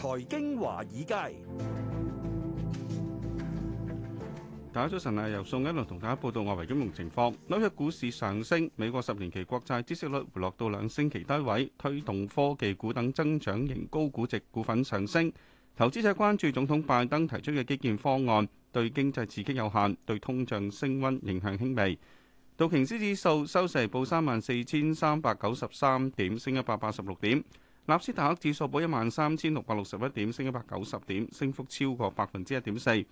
財經華爾街，大家早晨啊！由宋一龍同大家報道外圍金融情況。紐約股市上升，美國十年期國債孳息率回落到兩星期低位，推動科技股等增長型高估值股份上升。投資者關注總統拜登提出嘅基建方案對經濟刺激有限，對通脹升溫影響輕微。道瓊斯指數收市報三萬四千三百九十三點，升一百八十六點。納斯達克指數報一萬三千六百六十一點，升一百九十點，升幅超過百分之一點四。標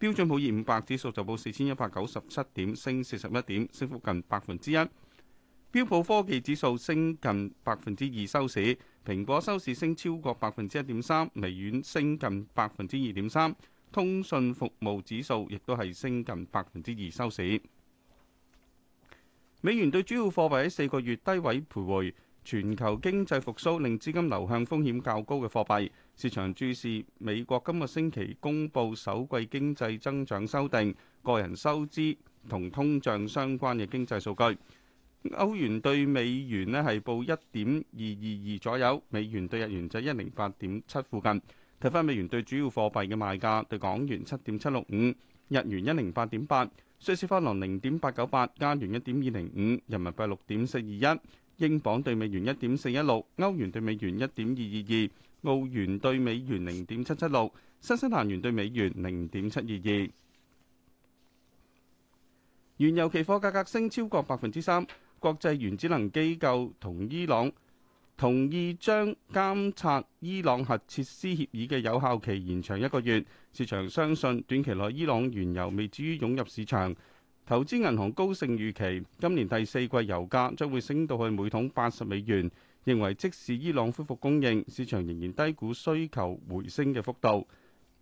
準普爾五百指數就報四千一百九十七點，升四十一點，升幅近百分之一。標普科技指數升近百分之二收市，蘋果收市升超過百分之一點三，微軟升近百分之二點三，通訊服務指數亦都係升近百分之二收市。美元對主要貨幣喺四個月低位徘徊。全球經濟復甦令資金流向風險較高嘅貨幣市場，注視美國今個星期公布首季經濟增長修訂、個人收支同通脹相關嘅經濟數據。歐元對美元呢係報一點二二二左右，美元對日元就一零八點七附近。睇返美元對主要貨幣嘅賣價，對港元七點七六五，日元一零八點八，瑞士法郎零點八九八，加元一點二零五，人民幣六點四二一。英鎊兌美元一點四一六，歐元兌美元一點二二二，澳元兌美元零點七七六，新西蘭元兌美元零點七二二。原油期貨價格升超過百分之三，國際原子能機構同伊朗同意將監測伊朗核設施協議嘅有效期延長一個月。市場相信短期內伊朗原油未至於湧入市場。投資銀行高盛預期今年第四季油價將會升到去每桶八十美元，認為即使伊朗恢復供應，市場仍然低估需求回升嘅幅度。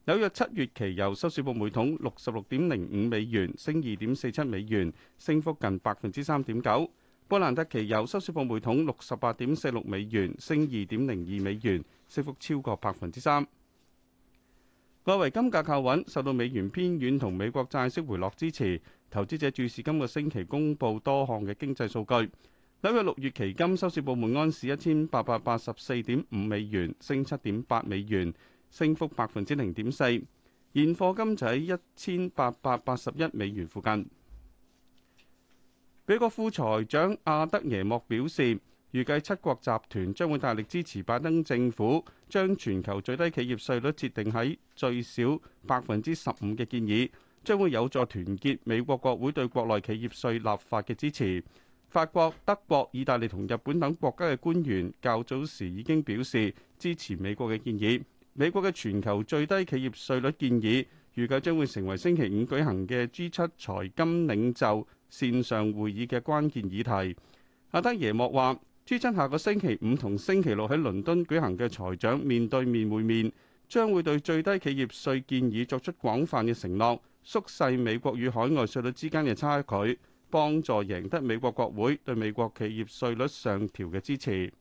紐約七月期油收市報每桶六十六點零五美元，升二點四七美元，升幅近百分之三點九。布蘭特期油收市報每桶六十八點四六美元，升二點零二美元，升幅超過百分之三。外圍金價靠穩，受到美元偏軟同美國債息回落支持。投資者注視今個星期公布多項嘅經濟數據。紐約六月期金收市部門安市一千八百八十四點五美元，升七點八美元，升幅百分之零點四。現貨金就喺一千八百八十一美元附近。美國副財長阿德耶莫表示，預計七國集團將會大力支持拜登政府將全球最低企業稅率設定喺最少百分之十五嘅建議。將會有助團結美國國會對國內企業稅立法嘅支持。法國、德國、意大利同日本等國家嘅官員較早時已經表示支持美國嘅建議。美國嘅全球最低企業稅率建議預計將會成為星期五舉行嘅 G7 財金領袖線上會議嘅關鍵議題。阿德耶莫話，G7 下個星期五同星期六喺倫敦舉行嘅財長面對面會面，將會對最低企業稅建議作出廣泛嘅承諾，縮細美國與海外稅率之間嘅差距，幫助贏得美國國會對美國企業稅率上調嘅支持。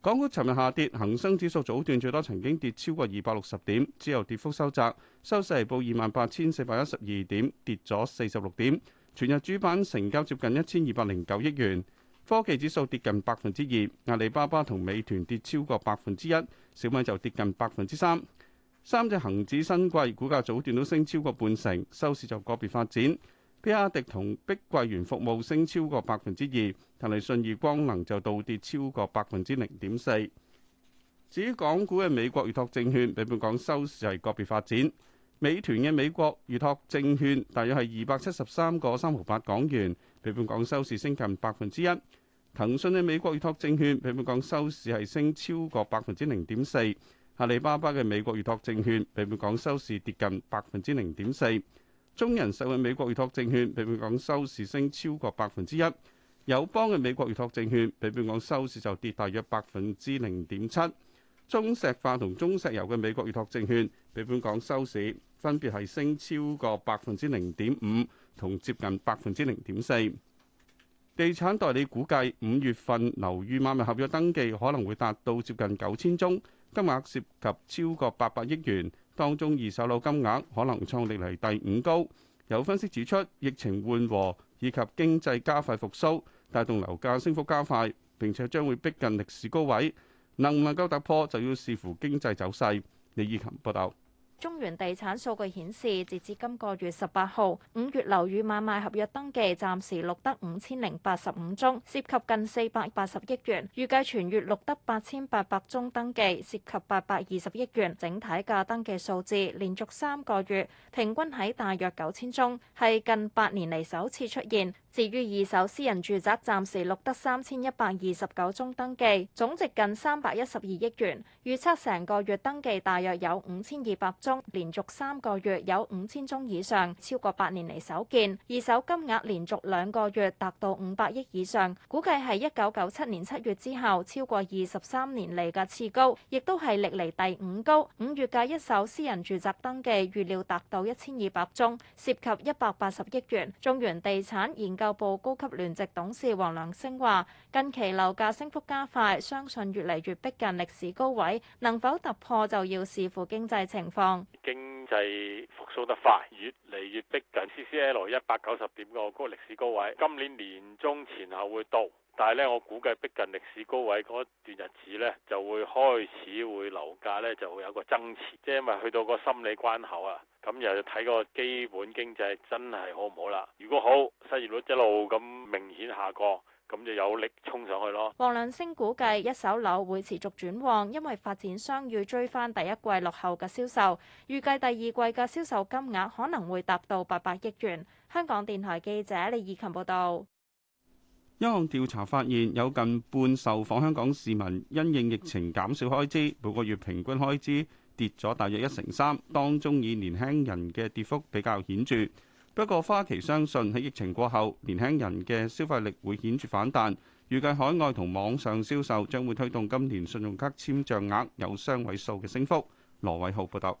港股尋日下跌，恒生指數早段最多曾經跌超過二百六十點，之後跌幅收窄，收市報二萬八千四百一十二點，跌咗四十六點。全日主板成交接近一千二百零九億元，科技指數跌近百分之二，阿里巴巴同美團跌超過百分之一。小米就跌近百分之三，三隻恒指新貴股價早段都升超過半成，收市就個別發展。比亞迪同碧桂園服務升超過百分之二，但係信義光能就倒跌超過百分之零點四。至於港股嘅美國預託證券，比本港收市就係個別發展。美團嘅美國預託證券大約係二百七十三個三毫八港元，比本港收市升近百分之一。騰訊嘅美國預託證券比本港收市係升超過百分之零點四，阿里巴巴嘅美國預託證券比本港收市跌近百分之零點四，中人壽美國預託證券比本港收市升超過百分之一，友邦嘅美國預託證券比本港收市就跌大約百分之零點七，中石化同中石油嘅美國預託證券比本港收市分別係升超過百分之零點五同接近百分之零點四。地產代理估計五月份樓宇買賣合約登記可能會達到接近九千宗，金額涉及超過八百億元，當中二手樓金額可能創歷嚟第五高。有分析指出，疫情緩和以及經濟加快復蘇，帶動樓價升幅加快，並且將會逼近歷史高位，能唔能夠突破就要視乎經濟走勢。李以琴報道。中原地產數據顯示，截至今個月十八號，五月樓宇買賣合約登記暫時錄得五千零八十五宗，涉及近四百八十億元。預計全月錄得八千八百宗登記，涉及八百二十億元。整體嘅登記數字連續三個月平均喺大約九千宗，係近八年嚟首次出現。至於二手私人住宅，暫時錄得三千一百二十九宗登記，總值近三百一十二億元。預測成個月登記大約有五千二百宗，連續三個月有五千宗以上，超過八年嚟首見。二手金額連續兩個月達到五百億以上，估計係一九九七年七月之後超過二十三年嚟嘅次高，亦都係歷嚟第五高。五月嘅一手私人住宅登記預料達到一千二百宗，涉及一百八十億元。中原地產研究，教部高級聯席董事黃良升話，近期樓價升幅加快，相信越嚟越逼近歷史高位，能否突破就要視乎經濟情況。經濟復蘇得快，越嚟越逼近 CCL 一百九十點個個歷史高位，今年年中前後會到。但係咧，我估計逼近歷史高位嗰段日子咧，就會開始會樓價咧就會有個增持，即係因為去到個心理關口啊。咁又睇個基本經濟真係好唔好啦？如果好，失業率一路咁明顯下降，咁就有力衝上去咯。黃良升估計一手樓會持續轉旺，因為發展商要追翻第一季落後嘅銷售，預計第二季嘅銷售金額可能會達到八百億元。香港電台記者李以琴報道。一項調查發現，有近半受訪香港市民因應疫情減少開支，每個月平均開支跌咗大約一成三，當中以年輕人嘅跌幅比較顯著。不過花旗相信喺疫情過後，年輕人嘅消費力會顯著反彈，預計海外同網上銷售將會推動今年信用卡簽賬額有雙位數嘅升幅。羅偉浩報道。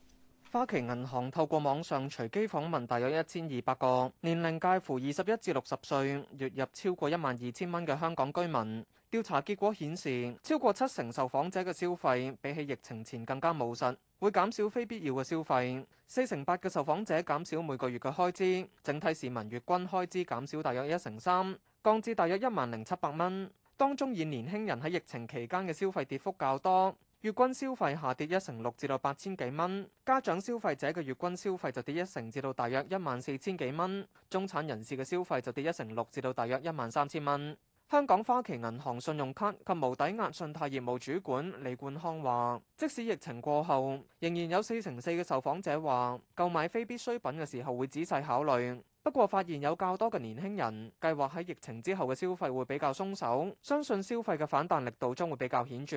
花旗銀行透過網上隨機訪問大約一千二百個年齡介乎二十一至六十歲、月入超過一萬二千蚊嘅香港居民，調查結果顯示，超過七成受訪者嘅消費比起疫情前更加務實，會減少非必要嘅消費。四成八嘅受訪者減少每個月嘅開支，整體市民月均開支減少大約一成三，降至大約一萬零七百蚊。當中以年輕人喺疫情期間嘅消費跌幅較多。月均消費下跌一成六至到八千幾蚊，家長消費者嘅月均消費就跌一成至到大約一萬四千幾蚊，中產人士嘅消費就跌一成六至到大約一萬三千蚊。香港花旗銀行信用卡及無抵押信貸業務主管李冠康話，即使疫情過後，仍然有四成四嘅受訪者話購買非必需品嘅時候會仔細考慮。不過發現有較多嘅年輕人計劃喺疫情之後嘅消費會比較鬆手，相信消費嘅反彈力度將會比較顯著。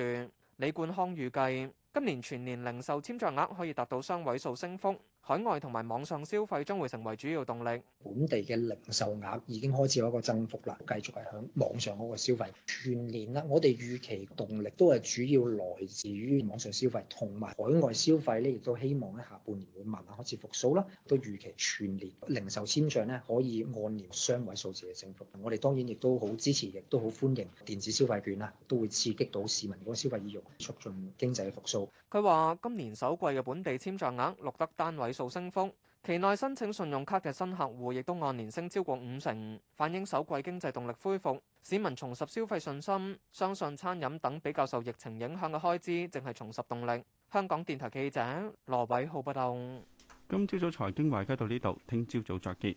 李冠康預計今年全年零售簽賬額可以達到雙位數升幅。海外同埋網上消費將會成為主要動力。本地嘅零售額已經開始有一個增幅啦，繼續係喺網上嗰個消費串連啦。我哋預期動力都係主要來自於網上消費同埋海外消費咧，亦都希望喺下半年會慢慢開始復甦啦。都預期全年零售簽賬咧可以按年雙位數字嘅升幅。我哋當然亦都好支持，亦都好歡迎電子消費券啦，都會刺激到市民嗰個消費意欲，促進經濟嘅復甦。佢話今年首季嘅本地簽賬額錄得單位數升幅，期內申請信用卡嘅新客戶亦都按年升超過五成，反映首季經濟動力恢復，市民重拾消費信心，相信餐飲等比較受疫情影響嘅開支，淨係重拾動力。香港電台記者羅偉浩報道。不動今朝早財經華爾街到呢度，聽朝早再見。